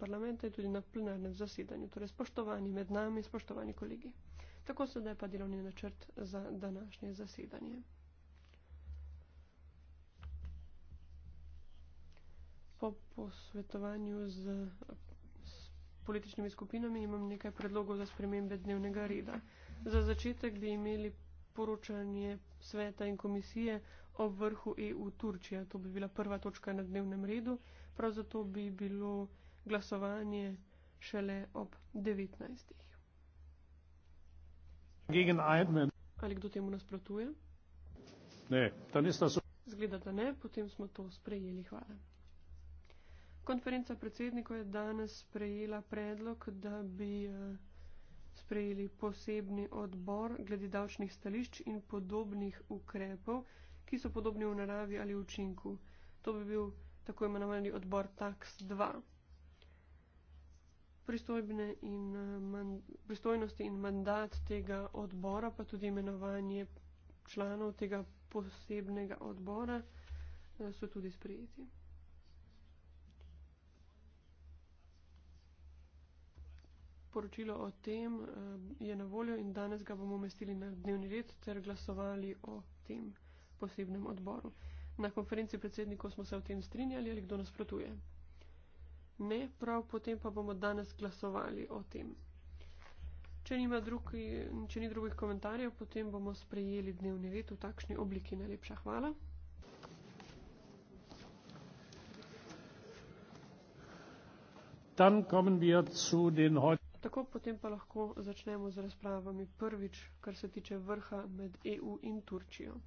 parlamenta in tudi na plenarnem zasedanju. Torej, spoštovani med nami, spoštovani kolegi. Tako se da je pa delovni načrt za današnje zasedanje. Po posvetovanju z, s političnimi skupinami imam nekaj predlogov za spremembe dnevnega reda. Za začetek bi imeli poročanje sveta in komisije o vrhu EU Turčija. To bi bila prva točka na dnevnem redu. Prav zato bi bilo glasovanje šele ob 19. Gegen Eidmann. Ali kdo temu nasprotuje? Ne, ta nista so. Zgleda, da ne, potem smo to sprejeli. Hvala. Konferenca predsednikov je danes sprejela predlog, da bi eh, sprejeli posebni odbor glede davčnih stališč in podobnih ukrepov, ki so podobni v naravi ali učinku. To bi bil tako imenovani odbor TAX 2 pristojbine in eh, man, pristojnosti in mandat tega odbora, pa tudi imenovanje članov tega posebnega odbora eh, so tudi sprejeti. Poročilo o tem eh, je na voljo in danes ga bomo umestili na dnevni red ter glasovali o tem posebnem odboru. Na konferenci predsednikov smo se o tem strinjali ali kdo nasprotuje ne, prav potem pa bomo danes glasovali o tem. Če, drugi, če ni drugih komentarjev, potem bomo sprejeli dnevni red v takšni obliki. Najlepša hvala. Tako potem pa lahko začnemo z razpravami prvič, kar se tiče vrha med EU in Turčijo.